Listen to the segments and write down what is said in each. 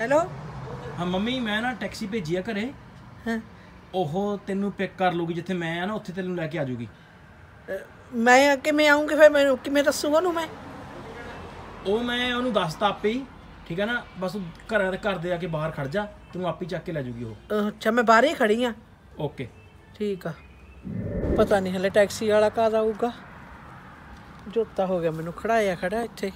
hello ਹਾਂ mummy ਮੈਂ ਨਾ ਟੈਕਸੀ ਭੇਜੀ ਆ ਘਰੇ ਹਾਂ ਉਹ ਤੈਨੂੰ ਪਿਕ ਕਰ ਲੂਗੀ ਜਿੱਥੇ ਮੈਂ ਆ ਨਾ ਉੱਥੇ ਤੈਨੂੰ ਲੈ ਕੇ ਆ ਜੂਗੀ ਮੈਂ ਕਿਵੇਂ ਆਉਂਗੀ ਫਿਰ ਮੈਨੂੰ ਕਿਵੇਂ ਦੱਸੂਗਾ ਉਹਨੂੰ ਮੈਂ ਉਹ ਮੈਂ ਉਹਨੂੰ ਦੱਸਤਾ ਆਪੇ ਹੀ ਠੀਕ ਹੈ ਨਾ ਬਸ ਘਰ ਘਰ ਦੇ ਆ ਕੇ ਬਾਹਰ ਖੜ ਜਾ ਤੈਨੂੰ ਆਪੇ ਚੱਕ ਕੇ ਲੈ ਜੂਗੀ ਉਹ ਅੱਛਾ ਮੈਂ ਬਾਹਰ ਹੀ ਖੜੀ ਆ ਓਕੇ ਠੀਕ ਆ ਪਤਾ ਨਹੀਂ ਹਲੇ ਟੈਕਸੀ ਵਾਲਾ ਕਾਦ ਆਊਗਾ ਜੋਤਾ ਹੋ ਗਿਆ ਮੈਨੂੰ ਖੜਾਇਆ ਖੜਾ ਇੱਥੇ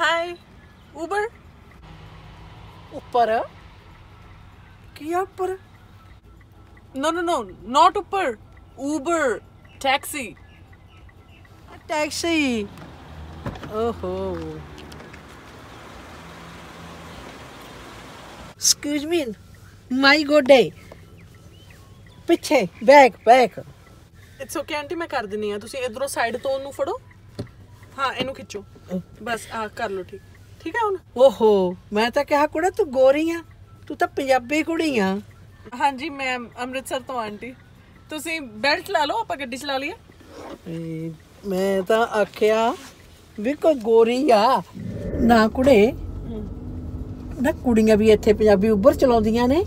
ਹਾਈ ਉਬਰ ਉੱਪਰ ਕੀ ਉੱਪਰ ਨੋ ਨੋ ਨੋ ਨਾਟ ਉੱਪਰ ਉਬਰ ਟੈਕਸੀ ਟੈਕਸੀ ਓਹੋ excuse me my good day ਪਿੱਛੇ back back it's okay aunty ਮੈਂ ਕਰ ਦਿੰਨੀ ਆ ਤੁਸੀਂ ਇਧਰੋਂ ਸਾਈਡ ਤੋਂ ਉਹਨੂੰ ਫੜੋ ਹਾਂ ਇਹਨੂੰ ਖਿੱਚੋ ਬਸ ਆ ਕਰ ਲਓ ਠੀਕ ਠੀਕ ਹੈ ਹੁਣ ਓਹੋ ਮੈਂ ਤਾਂ ਕਿਹਾ ਕੁੜਾ ਤੂੰ ਗੋਰੀ ਆ ਤੂੰ ਤਾਂ ਪੰਜਾਬੀ ਕੁੜੀ ਆ ਹਾਂਜੀ ਮੈਂ ਅੰਮ੍ਰਿਤਸਰ ਤੋਂ ਆਂਟੀ ਤੁਸੀਂ ਬੈਲਟ ਲਾ ਲਓ ਆਪਾਂ ਗੱਡੀ ਚਲਾ ਲਈਏ ਮੈਂ ਤਾਂ ਆਖਿਆ ਵੀ ਕੋਈ ਗੋਰੀ ਆ ਨਾ ਕੁੜੇ ਨਾ ਕੁੜੀਆਂ ਵੀ ਇੱਥੇ ਪੰਜਾਬੀ ਉੱਭਰ ਚਲਾਉਂਦੀਆਂ ਨੇ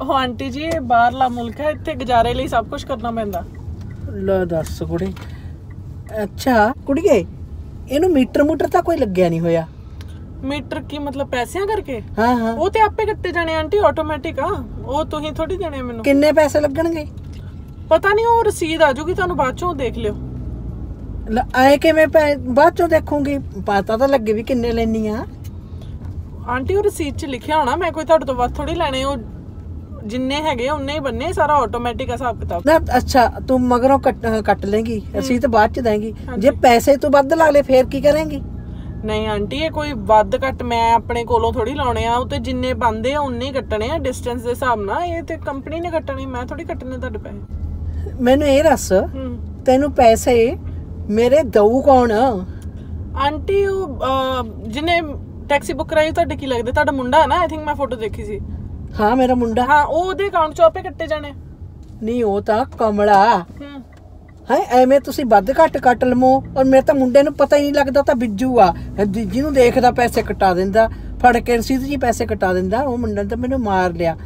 ਉਹ ਆਂਟੀ ਜੀ ਬਾਹਰਲਾ ਮੁਲਕ ਹੈ ਇੱਥੇ ਗੁਜ਼ਾਰੇ ਲਈ ਸਭ ਕੁਝ ਕਰਨਾ ਪੈਂਦਾ ਲੈ ਦੱਸ ਕੁੜੇ ਅੱਛਾ ਕੁੜੀਏ ਇਹਨੂੰ ਮੀਟਰ ਮੂਟਰ ਤਾਂ ਕੋਈ ਲੱਗਿਆ ਨਹੀਂ ਹੋਇਆ ਮੀਟਰ ਕੀ ਮਤਲਬ ਪੈਸਿਆਂ ਕਰਕੇ ਹਾਂ ਹਾਂ ਉਹ ਤੇ ਆਪੇ ਕੱਟੇ ਜਾਣੇ ਆਂਟੀ ਆਟੋਮੈਟਿਕ ਆ ਉਹ ਤੁਸੀਂ ਥੋੜੀ ਦੇਣੇ ਮੈਨੂੰ ਕਿੰਨੇ ਪੈਸੇ ਲੱਗਣਗੇ ਪਤਾ ਨਹੀਂ ਉਹ ਰਸੀਦ ਆ ਜੂਗੀ ਤੁਹਾਨੂੰ ਬਾਅਦ ਚੋਂ ਦੇਖ ਲਿਓ ਆਏ ਕਿਵੇਂ ਬਾਅਦ ਚੋਂ ਦੇਖੂਗੀ ਪਤਾ ਤਾਂ ਲੱਗੇ ਵੀ ਕਿੰਨੇ ਲੈਣੀ ਆ ਆਂਟੀ ਉਹ ਰਸੀਦ 'ਚ ਲਿਖਿਆ ਹੋਣਾ ਮੈਂ ਕੋਈ ਤੁਹਾਡੇ ਤੋਂ ਵੱਧ ਥੋੜੀ ਲੈਣੇ ਉਹ ਜਿੰਨੇ ਹੈਗੇ ਉਹਨੇ ਹੀ ਬੰਨੇ ਸਾਰਾ ਆਟੋਮੈਟਿਕ ਹਿਸਾਬ ਕਿਤਾਬ ਨਾ ਅੱਛਾ ਤੂੰ ਮਗਰੋਂ ਕੱਟ ਕੱਟ ਲੇਗੀ ਅਸੀਂ ਤਾਂ ਬਾਅਦ ਚ ਦੇਂਗੀ ਜੇ ਪੈਸੇ ਤੂੰ ਵੱਧ ਲਾ ਲੇ ਫੇਰ ਕੀ ਕਰਾਂਗੀ ਨਹੀਂ ਆਂਟੀ ਇਹ ਕੋਈ ਵੱਧ ਘੱਟ ਮੈਂ ਆਪਣੇ ਕੋਲੋਂ ਥੋੜੀ ਲਾਉਣੇ ਆ ਉਹ ਤੇ ਜਿੰਨੇ ਬੰਦੇ ਆ ਉਨੇ ਹੀ ਕੱਟਣੇ ਆ ਡਿਸਟੈਂਸ ਦੇ ਹਿਸਾਬ ਨਾਲ ਇਹ ਤੇ ਕੰਪਨੀ ਨੇ ਕੱਟਣੇ ਮੈਂ ਥੋੜੀ ਕੱਟਣੇ ਤੁਹਾਡੇ ਪੈਸੇ ਮੈਨੂੰ ਇਹ ਰਸ ਤੈਨੂੰ ਪੈਸੇ ਮੇਰੇ ਦਊ ਕੌਣ ਆਂਟੀ ਉਹ ਜਿਹਨੇ ਟੈਕਸੀ ਬੁੱਕ ਕਰਾਈ ਤੁਹਾਡੇ ਕੀ ਲੱਗਦਾ ਤੁਹਾਡਾ ਮੁੰਡਾ ਹੈ ਨਾ ਆਈ ਥਿੰਕ ਮੈਂ ਫੋਟੋ ਦੇਖੀ ਸੀ ਹਾਂ ਮੇਰਾ ਮੁੰਡਾ ਹਾਂ ਉਹ ਉਹਦੇ ਅਕਾਊਂਟ ਚੋਂ ਆਪੇ ਕੱਟੇ ਜਾਣੇ ਨਹੀਂ ਉਹ ਤਾਂ ਕਮਲਾ ਹਾਂ ਐਵੇਂ ਤੁਸੀਂ ਵੱਧ ਘੱਟ ਕੱਟ ਲਮੋ ਔਰ ਮੇਰੇ ਤਾਂ ਮੁੰਡੇ ਨੂੰ ਪਤਾ ਹੀ ਨਹੀਂ ਲੱਗਦਾ ਤਾਂ ਬਿੱਜੂ ਆ ਜਿਹਨੂੰ ਦੇਖਦਾ ਪੈਸੇ ਕਟਾ ਦਿੰਦਾ ਫੜ ਕੇ ਰਸੀਦ ਜੀ ਪੈਸੇ ਕਟਾ ਦਿੰਦਾ ਉਹ ਮੁੰਡਾ ਤਾਂ ਮੈਨੂੰ ਮਾਰ ਲਿਆ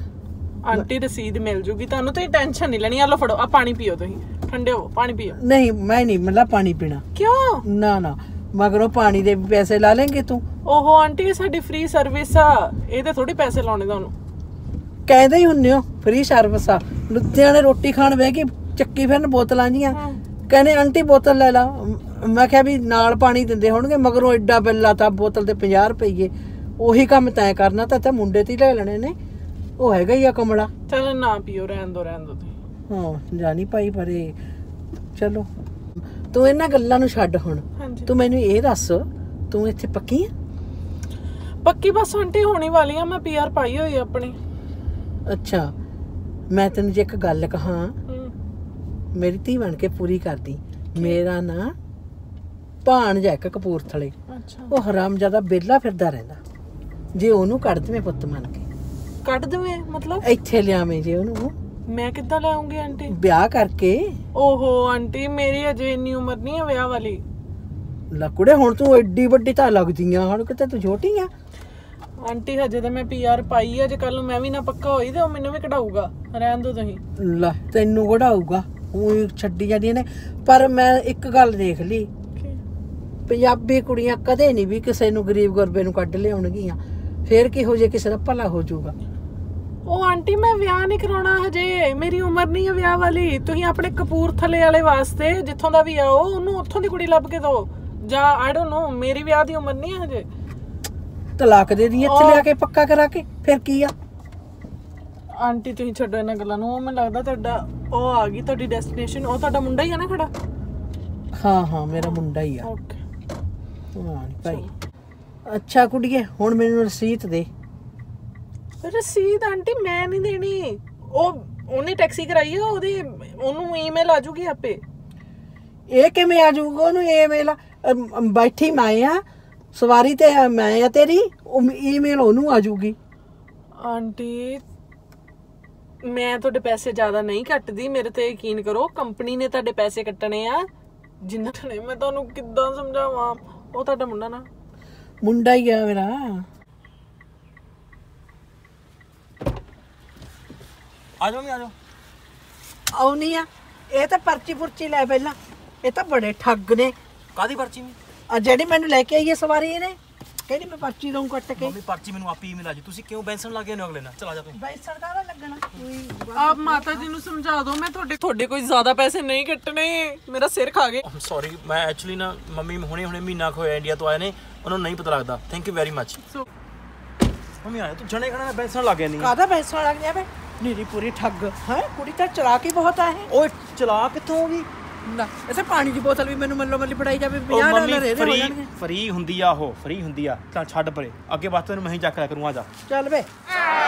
ਆਂਟੀ ਰਸੀਦ ਮਿਲ ਜੂਗੀ ਤੁਹਾਨੂੰ ਤੁਸੀਂ ਟੈਨਸ਼ਨ ਨਹੀਂ ਲੈਣੀ ਆ ਲੋ ਫੜੋ ਆ ਪਾਣੀ ਪੀਓ ਤੁਸੀਂ ਠੰਡੇ ਹੋ ਪਾਣੀ ਪੀਓ ਨਹੀਂ ਮੈਂ ਨਹੀਂ ਮਤਲਬ ਪਾਣੀ ਪੀਣਾ ਕਿਉਂ ਨਾ ਨਾ ਮਗਰੋਂ ਪਾਣੀ ਦੇ ਵੀ ਪੈਸੇ ਲਾ ਲੇਂਗੇ ਤੂੰ ਓਹੋ ਆਂਟੀ ਸਾਡੀ ਫ੍ਰੀ ਸਰਵਿਸ ਆ ਇਹਦੇ ਥੋੜੀ ਪੈਸੇ ਲਾਉਣੇ ਤੁਹਾਨੂੰ ਕਹਿੰਦੇ ਹੀ ਹੁੰਨੇ ਹੋ ਫ੍ਰੀ ਸਰਵਿਸ ਆ ਲੁਧਿਆਣੇ ਰੋਟੀ ਖਾਣ ਬਹਿ ਕੇ ਚੱਕੀ ਫਿਰਨ ਬੋਤਲਾਂ ਜੀਆਂ ਕਹਿੰਦੇ ਆਂਟੀ ਬੋਤਲ ਲੈ ਲਾ ਮੈਂ ਕਿਹਾ ਵੀ ਨਾਲ ਪਾਣੀ ਦਿੰਦੇ ਹੋਣਗੇ ਮਗਰੋਂ ਐਡਾ ਬਿੱਲ ਲਾਤਾ ਬੋਤਲ ਦੇ 50 ਰੁਪਏ ਉਹੀ ਕੰਮ ਤੈਂ ਕਰਨਾ ਤਾਂ ਤੇ ਮੁੰਡੇ ਤੇ ਲੈ ਲੈਣੇ ਨੇ ਉਹ ਹੈਗਾ ਹੀ ਆ ਕਮਲਾ ਚਲ ਨਾ ਪੀਓ ਰਹਿਣ ਦੋ ਰਹਿਣ ਦੋ ਹਾਂ ਜਾਨੀ ਪਾਈ ਪਰੇ ਚਲੋ ਤੂੰ ਇਹਨਾਂ ਗੱਲਾਂ ਨੂੰ ਛੱਡ ਹੁਣ ਤੂੰ ਮੈਨੂੰ ਇਹ ਦੱਸ ਤੂੰ ਇੱਥੇ ਪੱਕੀ ਆ ਪੱਕੀ ਬਸ ਆਂਟੀ ਹੋਣੀ ਵਾਲੀ ਆ ਮੈਂ ਪੀਆਰ ਪਾਈ ਹੋਈ ਆਪਣੀ ਅੱਛਾ ਮੈਂ ਤੈਨੂੰ ਜੇ ਇੱਕ ਗੱਲ ਕਹਾਂ ਮੇਰੀ ਧੀ ਬਣ ਕੇ ਪੂਰੀ ਕਰਦੀ ਮੇਰਾ ਨਾਂ ਭਾਣ ਜੈ ਇੱਕ ਕਪੂਰਥਲੇ ਅੱਛਾ ਉਹ ਹਰਾਮਜ਼ਾਦਾ ਬੇਲਾ ਫਿਰਦਾ ਰਹਿੰਦਾ ਜੇ ਉਹਨੂੰ ਕੱਢ ਦਵੇਂ ਪੁੱਤ ਮੰਨ ਕੇ ਕੱਢ ਦਵੇਂ ਮਤਲਬ ਇੱਥੇ ਲਿਆਵੇਂ ਜੇ ਉਹਨੂੰ ਮੈਂ ਕਿੱਦਾਂ ਲਿਆਉਂਗੀ ਆਂਟੀ ਵਿਆਹ ਕਰਕੇ ਓਹੋ ਆਂਟੀ ਮੇਰੀ ਅਜੇ ਇੰਨੀ ਉਮਰ ਨਹੀਂ ਹੈ ਵਿਆਹ ਵਾਲੀ ਲੱਕੜੇ ਹੁਣ ਤੂੰ ਐਡੀ ਵੱਡੀ ਤਾਂ ਲੱਗਦੀਆਂ ਹਣ ਕਿਤੇ ਤੂੰ ਛੋਟੀ ਆ ਆਂਟੀ ਹਜੇ ਤਾਂ ਮੈਂ ਪੀਆਰ ਪਾਈ ਆ ਜੇ ਕੱਲ ਨੂੰ ਮੈਂ ਵੀ ਨਾ ਪੱਕਾ ਹੋਈ ਤੇ ਉਹ ਮੈਨੂੰ ਵੀ ਕਢਾਊਗਾ ਰਹਿਣ ਦੋ ਤੁਸੀਂ ਲੈ ਤੈਨੂੰ ਕਢਾਊਗਾ ਉਹ ਛੱਡੀ ਜਾਂਦੀਆਂ ਨੇ ਪਰ ਮੈਂ ਇੱਕ ਗੱਲ ਦੇਖ ਲਈ ਪੰਜਾਬੀ ਕੁੜੀਆਂ ਕਦੇ ਨਹੀਂ ਵੀ ਕਿਸੇ ਨੂੰ ਗਰੀਬ ਗੁਰਬੇ ਨੂੰ ਕੱਢ ਲਿਆਉਣਗੀਆਂ ਫੇਰ ਕਿਹੋ ਜੇ ਕਿਸੇ ਦਾ ਭਲਾ ਹੋ ਜਾਊਗਾ ਉਹ ਆਂਟੀ ਮੈਂ ਵਿਆਹ ਨਹੀਂ ਕਰਾਉਣਾ ਹਜੇ ਮੇਰੀ ਉਮਰ ਨਹੀਂ ਹੈ ਵਿਆਹ ਵਾਲੀ ਤੁਸੀਂ ਆਪਣੇ ਕਪੂਰਥਲੇ ਵਾਲੇ ਵਾਸਤੇ ਜਿੱਥੋਂ ਦਾ ਵੀ ਆਓ ਉਹਨੂੰ ਉੱਥੋਂ ਦੀ ਕੁੜੀ ਲੱਭ ਕੇ ਦਿਓ ਜਾਂ ਆਈ ਡੋਨਟ ਨੋ ਮੇਰੀ ਵਿਆਹ ਦੀ ਉਮਰ ਨਹੀਂ ਹੈ ਹਜੇ ਤਲਾਕ ਦੇ ਦੀ ਇੱਥੇ ਲਿਆ ਕੇ ਪੱਕਾ ਕਰਾ ਕੇ ਫਿਰ ਕੀ ਆ ਆਂਟੀ ਤੁਸੀਂ ਛੱਡੋ ਇਹਨਾਂ ਗੱਲਾਂ ਨੂੰ ਉਹ ਮੈਨੂੰ ਲੱਗਦਾ ਤੁਹਾਡਾ ਉਹ ਆ ਗਈ ਤੁਹਾਡੀ ਡੈਸਟੀਨੇਸ਼ਨ ਉਹ ਤੁਹਾਡਾ ਮੁੰਡਾ ਹੀ ਆ ਨਾ ਖੜਾ ਹਾਂ ਹਾਂ ਮੇਰਾ ਮੁੰਡਾ ਹੀ ਆ ਓਕੇ ਹਾਂ ਭਾਈ ਅੱਛਾ ਕੁੜੀਏ ਹੁਣ ਮੈਨੂੰ ਰਸੀਦ ਦੇ ਰਸੀਦ ਆਂਟੀ ਮੈਂ ਨਹੀਂ ਦੇਣੀ ਉਹ ਉਹਨੇ ਟੈਕਸੀ ਕਰਾਈ ਆ ਉਹਦੇ ਉਹਨੂੰ ਈਮੇਲ ਆ ਜੂਗੀ ਆਪੇ ਇਹ ਕਿਵੇਂ ਆ ਜੂਗਾ ਉਹਨੂੰ ਈਮੇਲ ਬੈਠੀ ਮੈਂ ਆ ਸਵਾਰੀ ਤੇ ਮੈਂ ਆ ਤੇਰੀ ਈਮੇਲ ਉਹਨੂੰ ਆ ਜੂਗੀ ਆਂਟੀ ਮੈਂ ਤੁਹਾਡੇ ਪੈਸੇ ਜ਼ਿਆਦਾ ਨਹੀਂ ਕੱਟਦੀ ਮੇਰੇ ਤੇ ਯਕੀਨ ਕਰੋ ਕੰਪਨੀ ਨੇ ਤੁਹਾਡੇ ਪੈਸੇ ਕੱਟਣੇ ਆ ਜਿੰਨਾ ਨੇ ਮੈਂ ਤੁਹਾਨੂੰ ਕਿੱਦਾਂ ਸਮਝਾਵਾਂ ਉਹ ਤੁਹਾਡਾ ਮੁੰਡਾ ਨਾ ਮੁੰਡਾ ਹੀ ਆ ਮੇਰਾ ਆ ਜਾਓ ਆ ਜਾਓ ਆਉਣੀ ਆ ਇਹ ਤਾਂ ਪਰਚੀ ਪੁਰਚੀ ਲੈ ਪਹਿਲਾਂ ਇਹ ਤਾਂ ਬੜੇ ਠੱਗ ਨੇ ਕਾਦੀ ਪਰਚੀ ਨਹੀਂ ਆ ਜਿਹੜੀ ਮੈਨੂੰ ਲੈ ਕੇ ਆਈ ਹੈ ਸਵਾਰੀ ਇਹਨੇ ਕਹਿੰਦੀ ਮੈਂ ਪਰਚੀ ਦਊਂ ਕੱਟ ਕੇ ਮੰਮੀ ਪਰਚੀ ਮੈਨੂੰ ਆਪੀ ਮਿਲਾ ਜੀ ਤੁਸੀਂ ਕਿਉਂ ਬੈਂਸਣ ਲੱਗੇ ਨੇ ਅਗਲੇ ਨਾਲ ਚਲਾ ਜਾ ਤੂੰ ਬੈਂਸਣ ਕਾਹਦਾ ਲੱਗਣਾ ਕੋਈ ਆਪ ਮਾਤਾ ਜੀ ਨੂੰ ਸਮਝਾ ਦਿਓ ਮੈਂ ਤੁਹਾਡੇ ਤੁਹਾਡੇ ਕੋਈ ਜ਼ਿਆਦਾ ਪੈਸੇ ਨਹੀਂ ਕੱਟਣੇ ਮੇਰਾ ਸਿਰ ਖਾ ਗਏ ਆਮ ਸੌਰੀ ਮੈਂ ਐਕਚੁਅਲੀ ਨਾ ਮੰਮੀ ਹੁਣੇ ਹੁਣੇ ਮਹੀਨਾ ਖੋਇਆ ਇੰਡੀਆ ਤੋਂ ਆਏ ਨੇ ਉਹਨਾਂ ਨੂੰ ਨਹੀਂ ਪਤਾ ਲੱਗਦਾ thank you very much mummy ਆਇਆ ਤੂੰ ਜਣੇ ਖਣਾ ਬੈਂਸਣ ਲੱਗ ਨਹੀਂ ਕਾਹਦਾ ਬੈਂਸਣ ਲੱਗ ਗਿਆ ਬੇ ਨੀਰੀ ਪੂਰੀ ਠੱਗ ਹੈ ਕੁੜੀ ਤਾਂ ਚਲਾ ਕੇ ਬਹੁਤ ਆਏ ਓਏ ਚਲਾਕ ਕਿੱਥੋਂ ਹੋ ਗਈ ਹੁੰਦਾ ਐਸੇ ਪਾਣੀ ਦੀ ਬੋਤਲ ਵੀ ਮੈਨੂੰ ਮੱਲੋ ਮੱਲੀ ਫੜਾਈ ਜਾਵੇ 50 ਡਾਲਰ ਦੇ ਦੇ ਹੋ ਜਾਣਗੇ ਫ੍ਰੀ ਹੁੰਦੀ ਆ ਉਹ ਫ੍ਰੀ ਹੁੰਦੀ ਆ ਤਾਂ ਛੱਡ ਪਰੇ ਅੱਗੇ ਵਾਸਤੇ ਨੂੰ ਮੈਂ ਹੀ ਚੱਕ ਲਿਆ ਕਰੂੰ ਆ ਜਾ ਚੱਲ ਵੇ